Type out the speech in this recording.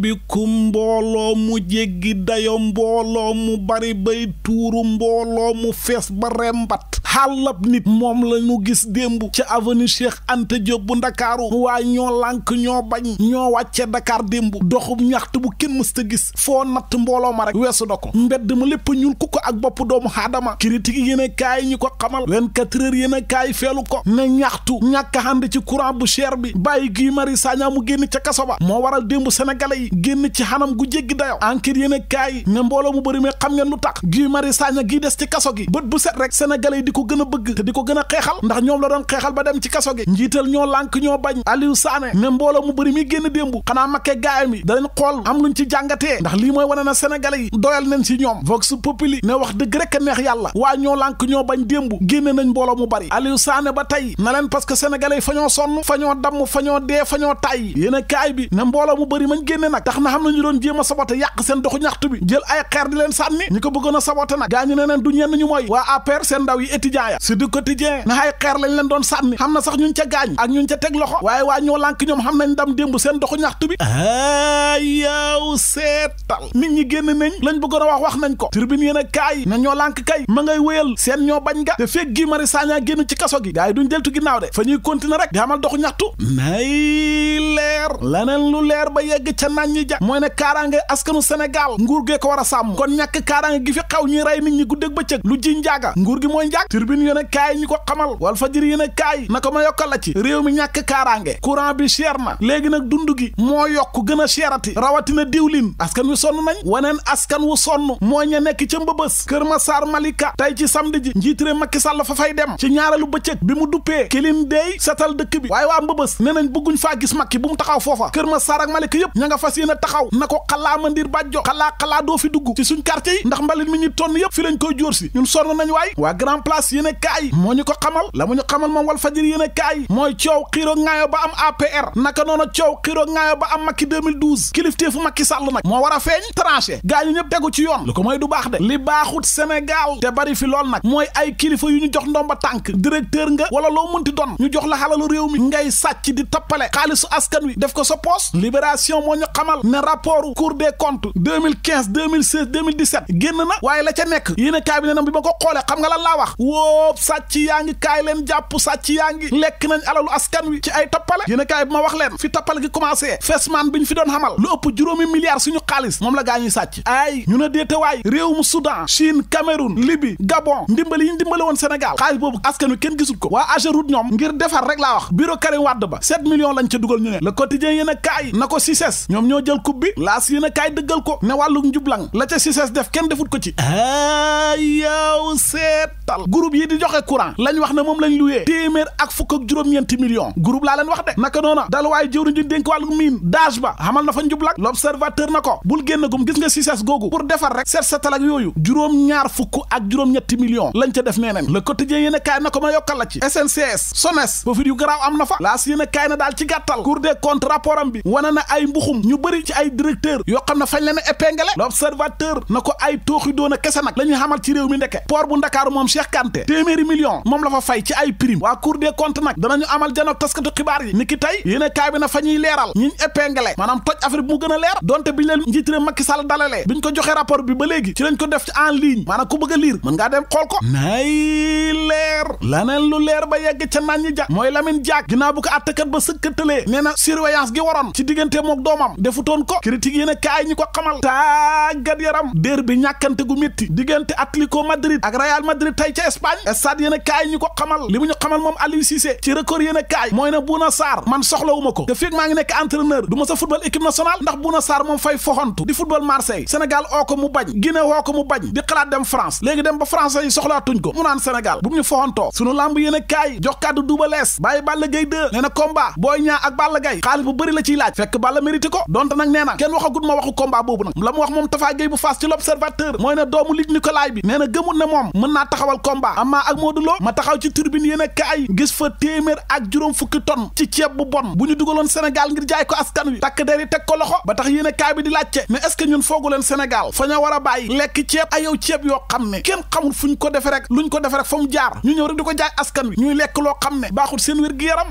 bikum mbooloo mu jéggi dayo mbooloo mu bari bay tuuru mbooloo mu fees ba rembat xàllab nit moom la ñu gis démb ca avenue Cheikh Anta Diop bu ndakaaru waa ñoo lank ñoo bañ ñoo wàcce Dakar démb doxub ñaxtu bu kenn mës ta gis foo natt mbooloo ma rek weesu na ko mbedd mu lépp ñuul ku ko ak bopp doomu xaadama critique yéen a kaay ñi ko xamal 24 heures yéen a kaay feelu ko ne ñaxtu ñàkk ànd ci courant bu cher bi bàyyi Guy Marius Sagna mu génn ca kaso ba moo waral démb sénégalais yi génn ci xanam gu jéggi dayo enquête yéen a kaay ne mbooloo mu bëri mais xam ngeen lu tax Guy Marius Sagna des ci kaso gi bët set rek sénégalais yi ko gën a bëgg te di ko gën a xeexal ndax ñoom la doon xeexal ba dem ci kaso gi njiital ñoo lànk ñoo bañ Aliou ba tey a a sànni ñi ko bëggoon a nag gaa ne neen du ñenn ñu mooy waa APR seen ndaw yi jaaya su du quotidien na ay xeer lañ leen doon sànni xam na sax ñun ca gaañ ak ñun ca teg loxo waaye waa ñoo lànk ñoom xam nañ ndam démb seen doxu ñaxtu bi a yaaw seetal nit ñi génn nañ lañ bëggoon a wax wax nañ ko tribune yéen a kaay na ñoo lànk kay ma ngay wéyal seen ñoo bañ ga te fekk gi mari sañaa génn ci kaso gi gaa yi duñ deltu ginnaaw de fa ñuy continuer rek di amal doxu ñaxtu nay leer laneen lu leer ba yegg ca nañ ja mooy ne kaaraange askanu Sénégal a sàmm kon ñàkk kaaraange gi fi xaw ñuy rey nit ñi guddeeg bëccëg lu ji njaaga turbine yéen kaay ñi ko xamal wal fajir yéen a kaay na ko ma yokkal la ci réew mi ñàkk kaaraange courant bi cher na léegi nag dund gi moo yokk gën a cherati rawatina diwlin askan wi sonn nañ wa waneen askan wu sonn moo ña nekk ca mbëbës Kër Massar Malika tey ci samedi ji njiit réew Macky fa fay dem ci ñaareelu bëccëg bi mu duppee kilin deey setal dëkk bi waaye waa mbëbës ne nañ bëgguñ faa gis Macky bu mu taxaw foofa Kër ma ak Malika yëpp ña nga fas yéen a taxaw na ko xalaa mandir bàjjo xalaa xalaa fi dugg ci suñ quartier yi ndax mbalit mi ñu tonn yëpp fi lañ koy si ñun nañ las yéen a kaay moo ñu ko xamal la mu ñu xamal moom Walf Fadjri yéen a kaay mooy coow xiiro ŋaayo ba am APR naka noonu coow xiiro ŋaayo ba am Macky 2012 kilifteefu Macky Sall nag moo war a feeñ tranché gaa ñu ñëpp tegu ci yoon lu ko mooy du baax de li baaxut Sénégal te bari fi lool nag mooy ay kilifa yu ñu jox ndomba tànk directeur nga wala loo munti doon ñu jox la xalalu réew mi ngay sàcc di toppale xaalisu askan wi def ko sa poos libération moo ñu xamal ne rapport cour des comptes 2015 2016 2017 génn na waaye la ca nekk yéen a bi ne ko xoolee xam nga lan laa wax ngóob yaa ngi kaay leen jàpp sàcc yaa ngi lekk nañ alalu askan wi ci ay tappale yéen a kaay bi ma wax leen fi tappale gi commencé fesman bi ñu fi doon xamal lu ëpp juróomi milliards suñu xaalis moom la gaa ñuy sàcc ay ñu ne déetewaay réew mu Soudan Chine Cameroun Libye Gabon ndimbali yi ñu dimbali woon Sénégal xaalis boobu askan wi kenn gisul ko waa Ageroute ñoom ngir defar rek laa wax bureau Karim Wade ba 7 millions lañ dugal ñu ne ko Cissés ñoom ñoo ko ne wàllu njublang la ca Cissés def kenn defut ko ci ayaw seetal groupe yi di joxe courant lañ wax ne moom lañ luwee téeméer ak fukk ak juróom-ñeenti millions groupe laa leen wax de naka noona dal waaye jëwriñ ñu dénk wàllu miin daaj ba xamal na fa njublak l'observateur na ko bul génn gum gis nga sises googu pour defar rek seet setal ak yooyu juróom-ñaar fukk ak juróom-ñetti millions lañ ca def neeneen le quotidien yéen a na ko ma yokkal la ci SNCS SONES profit yu garaaw am na fa laas yéen a na daal ci a épinglé l'observateur a kese santé téeméeri million moom la fa fay ci ay prime waa cour des comptes nag danañu amal janook taskatu xibaar yi ni ki tey yéen a kaay bi na fa ñuy leeral ñiñ épinglé maanaam toj affaire mu gën a leer donte biñu leen njiit réew Macky Sall biñ ko joxee rapport bi ba léegi ci lañ ko def ci en ligne maanaam ku bëgg a mën ngaa dem xool ko nay leer laneen lu leer ba yegg ca naan ñi jàk mooy Lamine Diack ginnaaw bu ko àttakat ba sëkkatalee nee na surveillance gi waroon ci diggante mook doomam defutoon ko critique yéen a kaay ñi ko xamal Espagne stade a kaay ñu ko xamal li mu ñu xamal moom Aliou Cissé ci record yéen a kaay mooy ne Bouna man soxlawu ma ko te fekk maa ngi nekk entraîneur du ma sa football équipe nationale ndax Bouna Sarr moom fay foxantu di football Marseille Sénégal oo ko mu bañ Guinée woo ko mu bañ di xalaat dem France léegi dem ba français yi soxlaatuñ ko mu naan Sénégal bu mu ñu foxantoo sunu làmb yéen a kaay jox kàddu Double Less bàyyi Balla Gaye 2 nee na combat Boy Niang ak Balla Gaye la ciy laaj fekk Balla mérité kenn waxagut ma waxu combat boobu nag la mu wax moom Tafa Gueye bu Fass ci l'Observateur mooy ne doomu Luc mën naa taxawal combat Touba ak moo Lo ma taxaw ci turbine yéen a kaay gis fa téeméer ak juróom fukki ton ci ceeb bu bon bu ñu dugaloon Sénégal ngir jaay ko askan wi takk der yi teg ko loxo ba tax yéen a kaay bi di laajte mais est ñun foogu leen Sénégal fa ña war a bàyyi lekk ceeb ay yow ceeb yoo xam ne kenn xamul fu ñu ko defe lu ñu ko defe rek fa mu jaar ñu ñëw rek di ko jaay askan wi ñuy lekk loo xam ne baaxul seen wér gi yaram